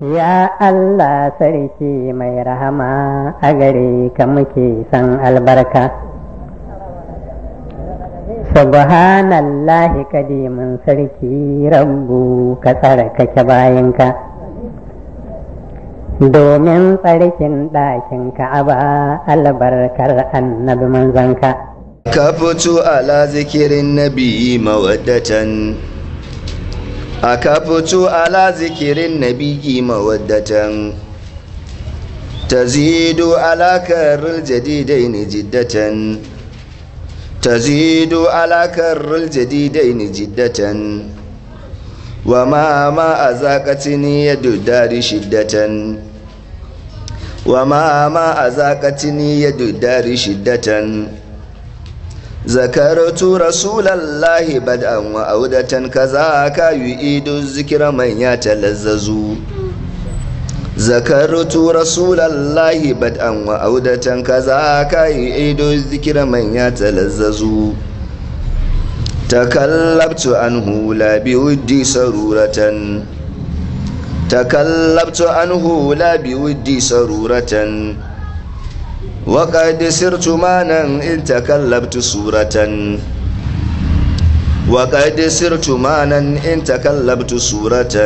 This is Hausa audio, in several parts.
Ya Allah sarki mai rahama a gare ka muke san albarka. Subhanallahi kadimin sarki rabbu ka tsara bayanka. Domin tsarkin ɗakin ka'aba albarkar annabi manzanka. Ka fito ala zikirin nabi mawaddatan. aka fito ala zikirin na nabi mawaddatan tazidu alakarar jadidai ne jiddatan tazidu alakarar jadidai ne jiddatan wa ma'ama a zakaci ne ya dudari shiddatan wa ma'ama a zakaci ne ya dudari shiddatan Zakaru tura sunan lahibar an wa Audu ta kaza aka yi ido zikirin mai yata lazzabu. Zakaru tura sunan lahibar an wa Audu ta kaza aka yi ido zikirin mai yata lazzabu. Ta kallabtu an hula biyu وقد سرت مانا إن تكلبت سورة وقد سرت مانا إن تكلمت سورة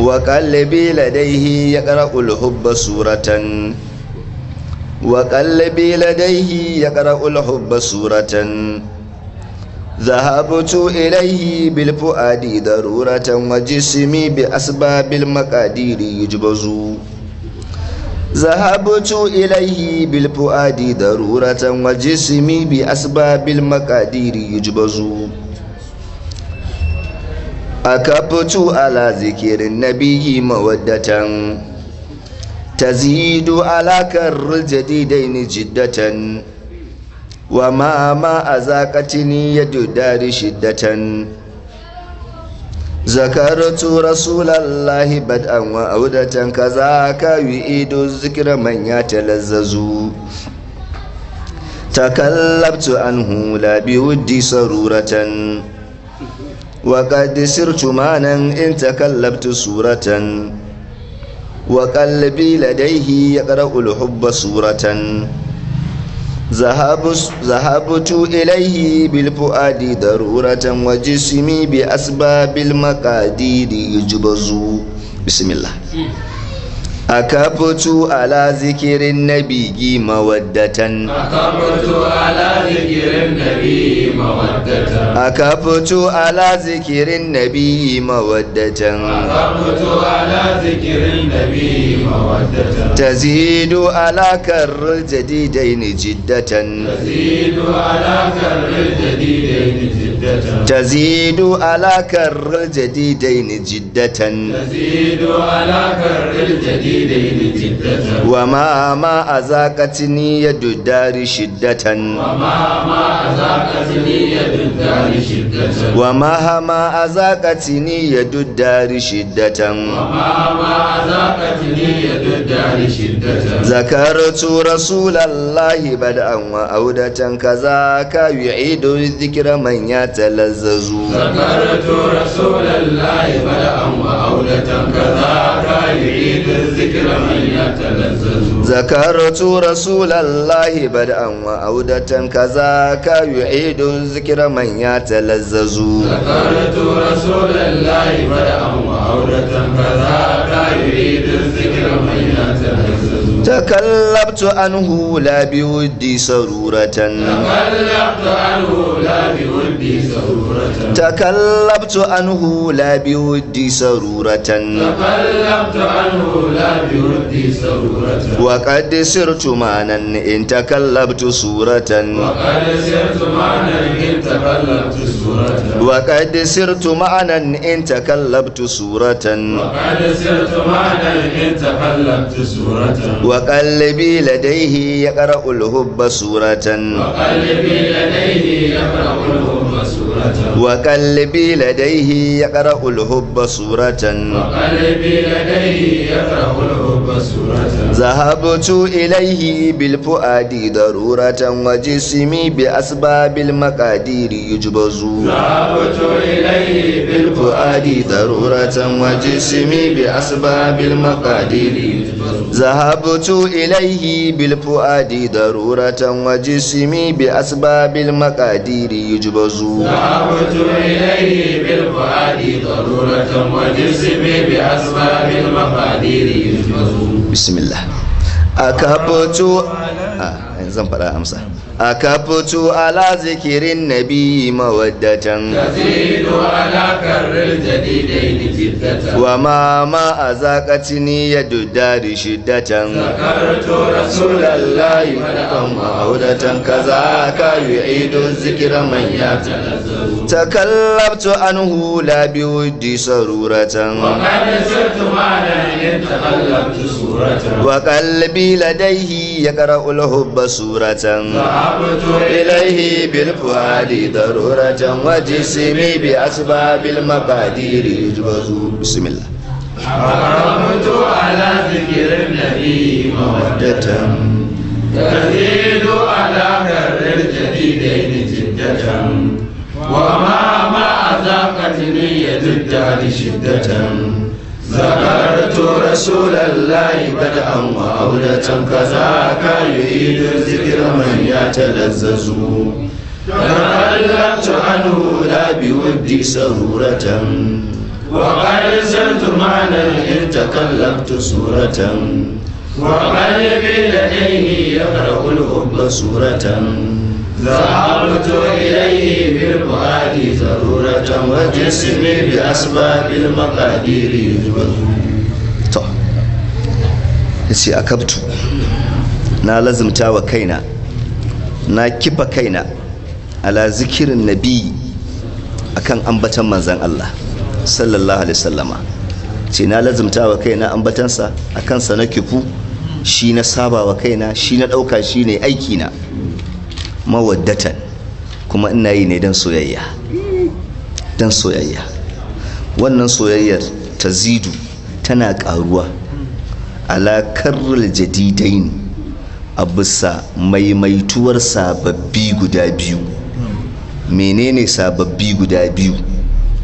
وقلبي لديه يقرأ الحب سورة وقلبي لديه يقرأ الحب سورة ذهبت إليه بالفؤاد ضرورة وجسمي بأسباب المقادير يجبزو Za a butu ilaihi biyu buɗa didaruratan bi asbabil mibi asibabin makadir yi jubazu. A ka fito ala zikirin na biyu ni jiddatan, wa ma ama a zakatuni shiddatan. Zakaroto rasulallahi lallahi bad anwa a hudu ta ido zikirar manyan talazazu. Ta kallabtu an hula biyu wuddi sun rura tun. Waƙar Disir in ta kallabtu sura tun. ladaihi ya kada Ulhubu sura tun. zahabu ilaihi ya elahi bil fua waje su bi asiba bil maka didi jiba akabtu ala zikirin nabi mawaddatan akabtu ala zikirin nabi mawaddatan akabtu ala zikirin nabi mawaddatan akabtu ala zikirin nabi mawaddatan tazidu ala karr jadidain jiddatan tazidu ala karr jadidain jiddatan تزيد على كر الجديدين جدة تزيد على كر الجديدين جدة وما ما أزاقتني يد الدار شدة وما ما أزاقتني يد الدار شدة وما ما أزاقتني يد الدار شدة وما ما أزاقتني يد الدار شدة ذكرت رسول الله بدءا وأودة كذاك يعيد الذكر من يات تلذذوا ذكرت رسول الله بلعا وأولة كذاك يعيد الذكر من يتلذذ ذكرت رسول الله بدءا وأودة كذاك يعيد الذكر من يتلذذ ذكرت رسول الله بدءا وأودة كذاك يعيد الذكر من تكلبت عنه لا بودي سرورة تكلبت عنه لا بودي سرورة تكلبت عنه لا بودي سرورة تكلبت عنه لا بودي سرورة وقد سرت معنا إن تكلبت سورة وقد سرت معنا إن تكلبت سورة وقد سرت معنا إن تكلبت سورة وقد سرت معنا إن تكلبت سورة وقلبي لديه يقرأ الهب سورة وقلبي لديه يقرأ الهب وقلبي لديه يقرأ الحب سورة وقلبي لديه يقرأ الحب سورة ذهبت إليه بالفؤاد ضرورة وجسمي بأسباب المقادير يجبز ذهبت إليه بالفؤاد ضرورة وجسمي بأسباب المقادير يجبز ذهبت إليه بالفؤاد ضرورة وجسمي بأسباب المقادير يجبز ذهبت فأبت إليه بالفؤاد ضرورة وجسمي بأسباب المقادير يجبر بسم الله أكبت أه. zan faɗa amsa a kafutu ala zikirin nabi mawaddatan tazidu ala karril jadidain jiddatan wa ma ma azaqati ni yaduddari shiddatan zakartu rasulallahi madan ma'udatan kaza ka yu'idu zikra man yatanazzaru takallabtu anhu la biwuddi saruratan wa qad sirtu ma'ana in takallabtu suratan wa qalbi ladayhi yaqra'u al-hubba سورة ذهبت إليه بالفؤاد ضرورة وجسمي بأسباب المقادير يجوز بسم الله حرمت على ذكر النبي مودة تزيد على كر الجديدين جدة وما ما ذاقة نية الدهر شدة ذكرت رسول الله بدءا وعودة كذاك يريد ذكر من يتلذذ تخلقت عنه لا بودي سهورة وقد زرت معنى إن تكلمت سورة وقلبي لديه يقرأ الحب سورة ذهبت إليه بالفؤاد ضرورة وجسمي بأسباب المقادير يجبر yace akabtu na lazumta wa kaina na kifa kaina ala zikirin nabi akan ambatan manzan Allah sallallahu alaihi sallama ce na lazumta wa kaina ambatansa akan sa na kifu shi na saba wa kaina shi na ɗauka shi ne aikina mawaddatan kuma ina yi ne don soyayya don soyayya wannan soyayyar ta zidu tana karuwa alakarrul jadidain a bisa maimaituwar sababbi guda biyu menene sababbi guda biyu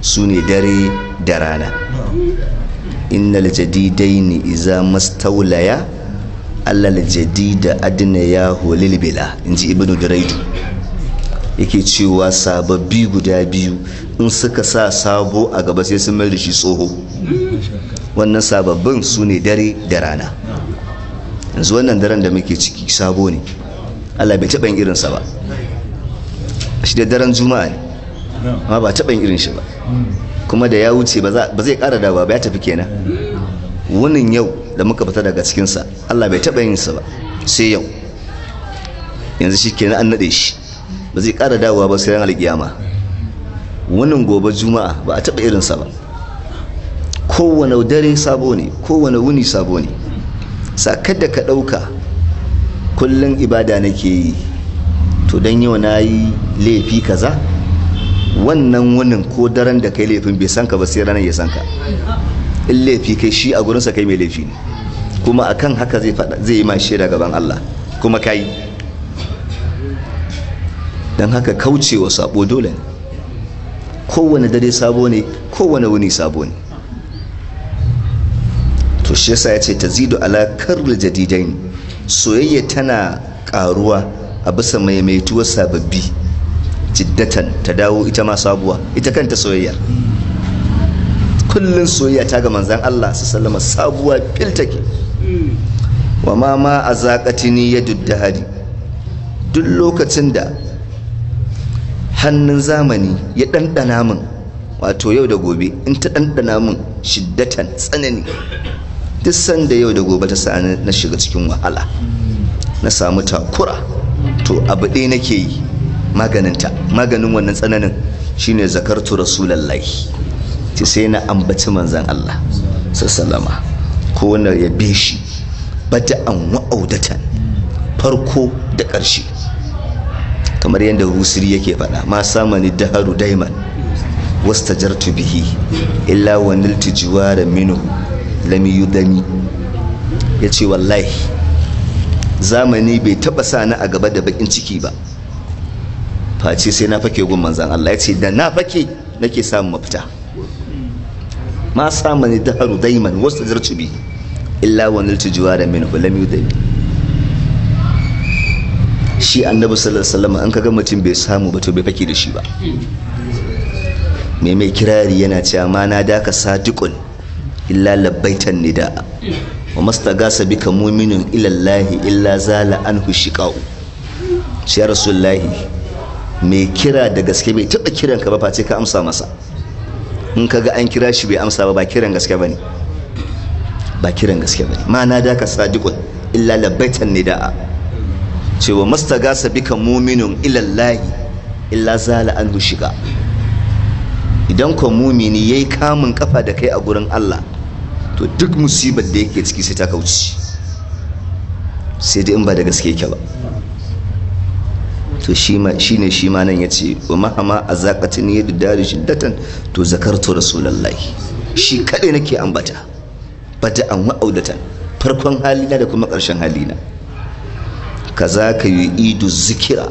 su ne dare da rana innal ne iza mastaulaya alal jadida adina ya holil bila in ji ibn duraidu yake cewa sababbi guda biyu in suka sa sabo a gaba sai sun mai da shi tsoho wannan sababbin su ne dare da rana yanzu wannan daren da muke ciki sabo ne allah bai taɓa yin irinsa ba shi da daren juma'a ne amma ba taɓa yin irin shi ba kuma da ya wuce ba zai ƙara dawa ba ya tafi kenan wunin yau da muka fita daga cikinsa Allah bai taɓa sa ba sai yau yanzu shi kenan an naɗe shi ba zai ƙara dawowa ba sai ran alƙiyama wannan gobe juma'a ba a taɓa irinsa ba kowane dare sabo ne kowane wuni sabo ne sa kada ka ɗauka kullum ibada nake yi to don yau na yi laifi kaza wannan wunin ko daren da kai laifin bai sanka ba sai ranar ya sanka. in laifi kai shi a gurinsa kai mai laifi ne kuma a kan haka zai zai yi ma da gaban Allah kuma kai don haka kaucewa sabo dole ne kowane dare sabo ne kowane wuni sabo ne to shi yasa ya ce tazidu alakar da jadidain soyayya tana karuwa a bisa maimaituwar sababbi jiddatan ta dawo ita ma sabuwa ita kanta soyayya kullun soyayya ta ga manzan Allah su sallama sabuwa fil take wa ma ma a zaƙatini ya hari duk lokacin da hannun zamani ya ɗanɗana min wato yau da gobe in ta ɗanɗana min shiddatan tsanani duk sanda yau da gobe ta sani na shiga cikin wahala na samu takura to abu ɗaya nake yi maganinta maganin wannan tsananin shine zakartu rasulallahi ce sai na ambaci manzan Allah sassalama ko wanda ya bi shi an wa'audatan farko da ƙarshe kamar yadda rusiri yake faɗa ma samani daharu daiman wasta jartu bihi illa wa nilti jiwara minu lami yudani ya ce wallahi zamani bai taɓa sa ni a gaba da bakin ciki ba face sai na fake gun manzan Allah ya ce da na fake nake samun mafita ma samani daharu daiman wasu zarci bi illa wani jiwa da min hulam yudami shi annabi sallallahu alaihi wasallam an kaga mutum bai samu ba to bai fake da shi ba mai mai kirari yana cewa na daka sadiqun illa labbaitan nida wa mastagasa bika mu'minun ila Allah illa zala anhu shiqa'u shi rasulullahi mai kira da gaske bai taɓa kiran ka ba face ka amsa masa in ka ga an kira shi bai amsa ba ba kiran gaske ba ne ba kiran gaske ba ne ma na daka sadiqun illa labaitan nida'a cewa mastagasa bika muminun ilallahi illa zala an shiga idan ka mumini yayi kamun kafa da kai a gurin Allah to duk musibar da yake ciki sai ta kauce sai dai in ba da gaske yake ba to shi ne shi ma nan ya ce wa mahama a da da dari datan to zakartu rasulallahi shi kaɗai nake ambata bata an wa'audatan farkon halina da kuma ƙarshen halina kaza ka yi idu zikira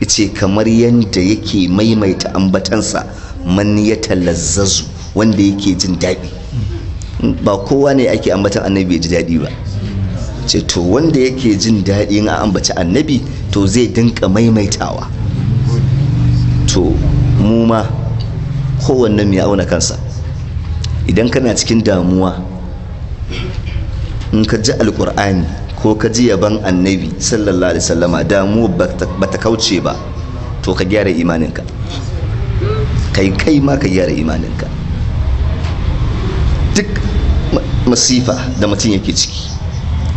ice kamar yadda yake maimaita ambatansa man ya talazzazu wanda yake jin daɗi ba kowa ne ake ambatan annabi ya ji daɗi ba ce to wanda yake jin daɗi a ambaci annabi to zai dinka maimaitawa to mu ma kowanne mai auna kansa idan kana cikin damuwa in ka ji alkur'ani ko ka ji yaban annabi sallallahu alaihi sallama damuwa ba ta kauce ba to ka gyara imaninka kai kai ma ka gyara imaninka duk masifa da mutum yake ciki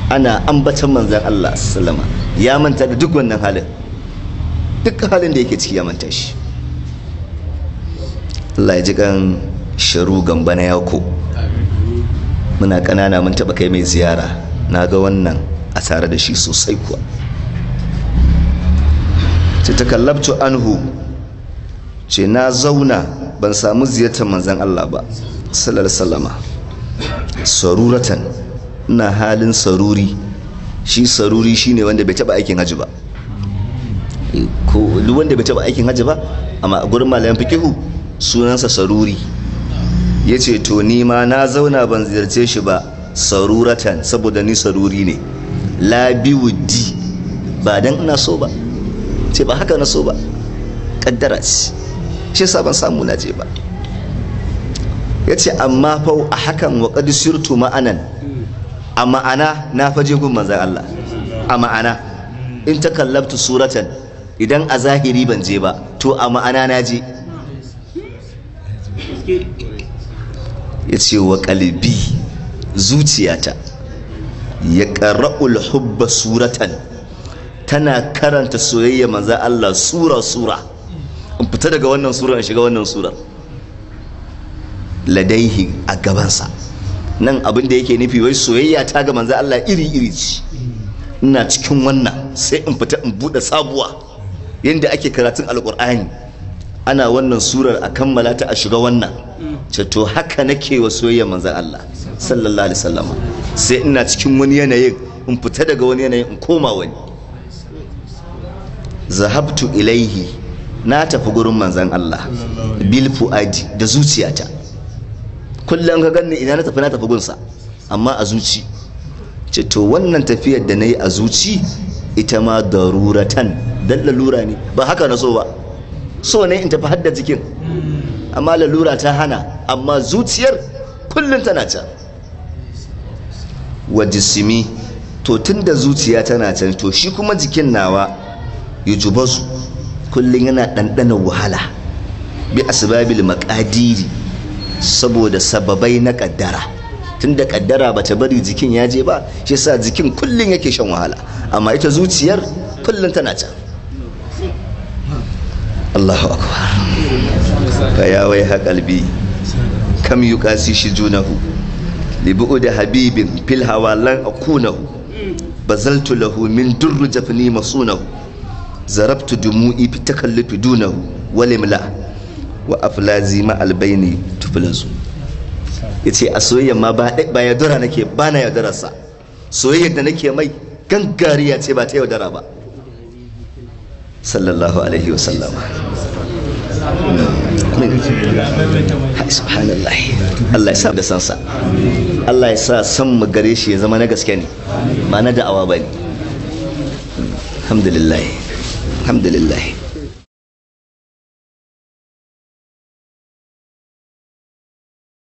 ana ambatan manzan Allah sallama ya manta da duk wannan halin duk halin da yake ciki ya manta shi Allah ya ji kan sharu gamba na yako muna ƙanana mun taɓa kai mai ziyara na ga wannan a tare da shi sosai kuwa ce ta kallabtu anhu ce na zauna ban samu ziyartar manzan Allah ba sallallahu wasallama saruratan ina halin saruri shi saruri shine wanda bai taba aikin haji ba ko wanda bai taba aikin haji ba amma gurin malayan fikihu sunansa saruri ya ce to ni ma na zauna ban ziyarce shi ba saruratan saboda ni saruri ne labiwudi ba dan ina so ba ce ba haka na so ba kaddara ce shi yasa ban samu na je ba ya ce amma fau a hakan wa kadisirtu ma'anan a ma'ana na faje gun manzan Allah a ma'ana in ta kallabtu suratan idan a zahiri ban je ba to a ma'ana na je ya ce wa ƙalibi zuciyata ya ƙara'ul hubba suratan tana karanta soyayya manzan Allah sura-sura in fita daga wannan sura in shiga wannan surar ladaihi a gabansa nan abin da yake nufi wai soyayya ta ga manzo Allah iri iri ce ina cikin wannan sai in fita in bude sabuwa yanda ake karatun alkur'ani ana wannan surar a kammala ta a shiga wannan ce to haka nake wa soyayya manzan Allah sallallahu alaihi wasallam sai ina cikin wani yanayin in fita daga wani yanayin in koma wani zahabtu ilaihi na tafi gurin manzan Allah bil fuadi da zuciyata kullum ka ganni ina na tafi na tafi gunsa amma a zuci ce to wannan tafiyar da na yi a zuci ita ma daruratan dan lalura ne ba haka na so ba so ne in tafi hadda jikin amma lalura ta hana amma zuciyar kullum tana can wa jisimi to tun da zuciya tana can to shi kuma jikin nawa yujubasu kullum yana ɗanɗana wahala bi asbabil maƙadiri saboda sababai na kaddara tunda kaddara bata bari jikin ya je ba shi sa jikin kullum yake shan wahala amma ita zuciyar kullum tana can Allahu akbar fa ya wai haƙalbi kam ƙasi shi junahu libu da habibin fil hawalan akunahu bazaltu lahu min durru jafni masunahu zarabtu dumu'i fi takallufi dunahu walimla wa aflazi ma albaini tufulinsu ya ce a soyayyar ma ba yaudara nake ba na yaudararsa soyayyar da nake mai gangariya ce ba ta yaudara ba sallallahu alaihi wasallam Allah ya sa da sansa Allah ya sa san mu gare shi ya zama na gaske ne ma na da'awa ba ne alhamdulillah alhamdulillah